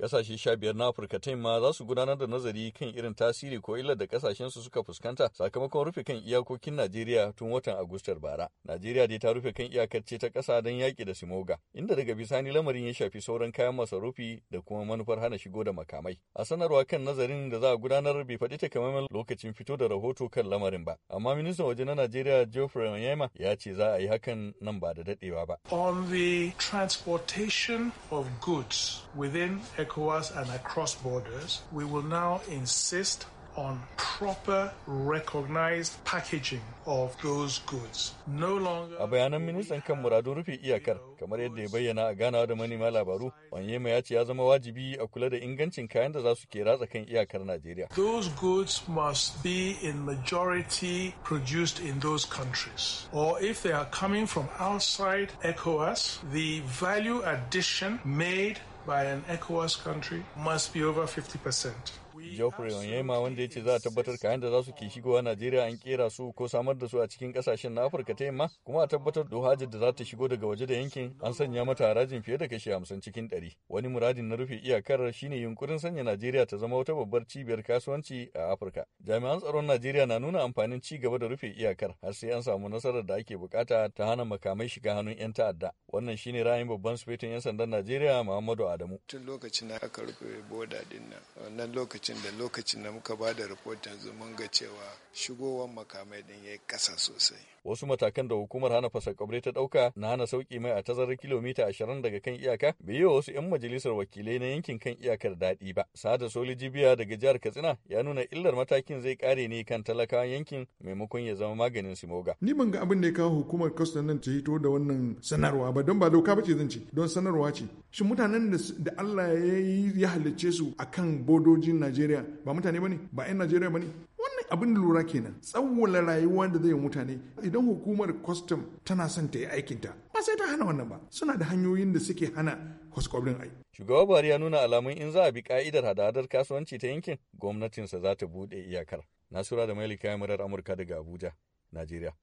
Kasashe sha biyar na Afirka ta ma za su gudanar da nazari kan irin tasiri ko illar da kasashen su suka fuskanta sakamakon rufe kan iyakokin Najeriya tun watan Agustar bara. Najeriya dai ta rufe kan iyakar ce ta ƙasa don yaƙi da Simoga, inda daga bisani lamarin ya shafi sauran kayan masarufi da kuma manufar hana shigo da makamai. A sanarwa kan nazarin da za a gudanar bai faɗi takamaiman lokacin fito da rahoto kan lamarin ba. Amma ministan waje na Najeriya Geoffrey Onyema ya ce za a yi hakan nan ba da daɗewa ba. On the transportation of goods within ECOWAS and across borders, we will now insist on proper recognized packaging of those goods. No longer a bayanan ministan kan muradun rufe iyakar kamar yadda ya bayyana a ganawa da manema labaru wanyema ya ce ya zama wajibi a kula da ingancin kayan da za su ke ratsa iyakar najeriya those goods must be in majority produced in those countries or if they are coming from outside ecowas the value addition made by an ECOWAS country must be over 50%. Geoffrey ma wanda ya ce za a tabbatar kayan da za su ke shigowa Najeriya an kera su ko samar da su a cikin kasashen na Afirka ta yamma kuma a tabbatar da hajar da za ta shigo daga waje da yankin an sanya mata harajin fiye da kashi hamsin cikin ɗari. Wani muradin na rufe iyakar shine yunkurin sanya Najeriya ta zama wata babbar cibiyar kasuwanci a Afirka. Jami'an tsaron Najeriya na nuna amfanin ci gaba da rufe iyakar har sai an samu nasarar da ake bukata ta hana makamai shiga hannun 'yan ta'adda. Wannan shine ra'ayin babban sufetin 'yan sandan Najeriya Muhammadu Adamu. Tun lokacin da aka rufe boda din wannan lokacin lokacin da lokacin da muka ba da rahoton zumunga ga cewa shigowar makamai din ya yi ƙasa sosai wasu matakan da hukumar hana fasakabre ta ɗauka na hana sauki mai a tazarar kilomita ashirin daga kan iyaka bai yi wa wasu 'yan majalisar wakilai na yankin kan iyakar daɗi ba sada soli jibiya daga jihar katsina ya nuna illar matakin zai kare ne kan talakawan yankin maimakon ya zama maganin simoga ni ban ga abin da ya kawo hukumar kwastan nan ta hito da wannan sanarwa ba don ba doka ba ce zan ce don sanarwa ce shin mutanen da Allah ya yi ya halicce su akan bodojin Najeriya ba mutane ba ne ba 'yan Najeriya ne. abin da lura kenan tsawwala rayuwa da zai mutane idan hukumar kwastam tana son ta yi aikinta ba sai ta hana wannan ba suna da hanyoyin da suke hana kwaskwabin ai. Shugaba Buhari ya nuna alamun in za a bi ka'idar hada kasuwanci ta yankin gwamnatinsa za ta buɗe iyakar. Nasura da Mailika Murar Amurka daga Abuja, Najeriya.